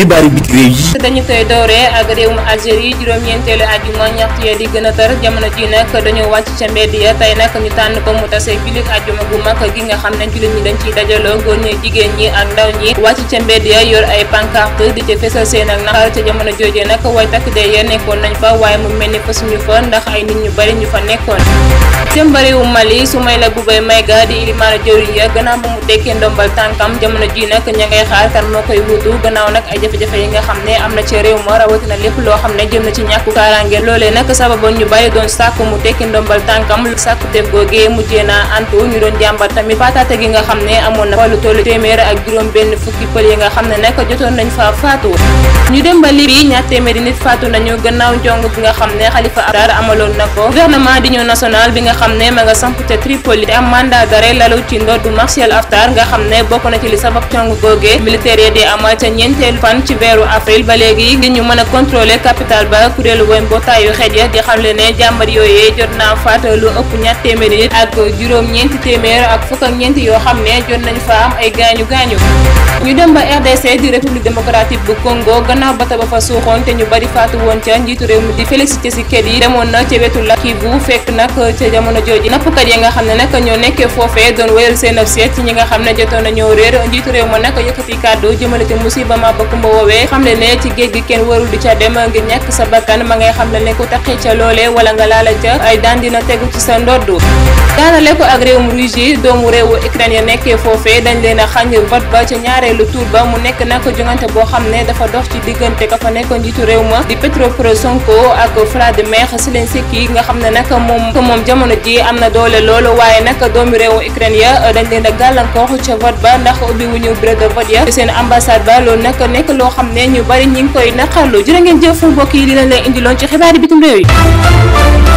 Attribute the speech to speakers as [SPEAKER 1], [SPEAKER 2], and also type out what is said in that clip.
[SPEAKER 1] xibaaru biti réew yi. dañu koy dooree ak réewum juróom-ñeenteelu ajjuma ñaxtu ya di gën a tar jamono ji nag dañoo wàcc ca mbedd ya tey nag ñu tànn ko mu tase jullit ajjuma bu mag gi nga xam ne jullit ñi dañ ciy dajaloo góor ñi jigéen ñi ak ndaw ñi wàcc ca mbedd ya yor ay pancarte di ca fesal seen ak naqar ca jamono joojee nag way takk dee ya nekkoon nañ fa waaye mu mel ni fasuñu fa ndax ay nit ñu bari ñu fa nekkoon jëm bariwu Mali Soumaïla Boubèye Maïga di ilimaana jëwriñ ya jafe-jafe yi nga xam ne am na ci réew ma rawatina lépp loo xam ne jëm na ci ñàkku kaaraange loolee nag sababoon ñu bàyyi faataate gi nga xam ne amoon na wàllu tollu nga xam ne nag jotoon nañ faatu ñu dem ba Libye ñaar téeméeri nit faatu nañu gannaaw njong bi nga xam ne Khalifa Haftar amaloon na ko gouvernement d'union nationale bi nga xam ne ma nga samp te Tripoli te am mandat d'arrêt lalu ci ndoddu Martial Haftar nga xam ne bokk na ci li sabab cong googee militaire yi amal ca ñeenteelu fan fan ci weeru avril ba léegi ngir ñu mën a contrôler capital ba kuréelu woy mbootaayu xeet ya di xamle ne jàmbar yooyee jot naa faat lu ëpp ñaar téeméeri nit ak juróom-ñeenti téeméer ak fukk ñeenti yoo xam ne jot nañu fa am ay gaañu gaañu. ñu dem ba RDC di république démocratique bu Congo gannaaw bata ba fa suuxoon te ñu bari faatu woon ca njiitu réew mi di Félix Tshisekedi demoon na ca wetu la Kivu fekk nag ca jamono jooju nappkat ya nga xam ne nag ñoo ñoo réer njiitu réew ma nag yëkkati kàddu jëmale woowee xam ne ne ci géej gi kenn warul di ca dem ngir ñàkk sa bakkan ma ngay xam ne ne ku taqee ca loolee wala nga laala ca ay daan dina tegu ci sa ndodd daanale ko ak mu Russie doomu réew Ukraine ya nekkee foofee dañ leen a xañ vote ba ca ñaareelu tour ba mu nekk nag jongante boo xam ne dafa dox ci diggante ka fa nekk njiitu réew ma di Petro Poroshenko ak Vladimir Zelensky nga xam ne nag moom moom jamono ji am na doole loolu waaye nag doomu réewu Ukraine dañ leen a gàllankoor ca vote ba ndax ubbi wuñu bureau de vote ya seen ambassade ba loolu nekk loo xam ne ñu bari ñu ngi koy naqarlu jërë ngeen jëf bokk yi li leen leen indiloon ci xibaari bitim réew yi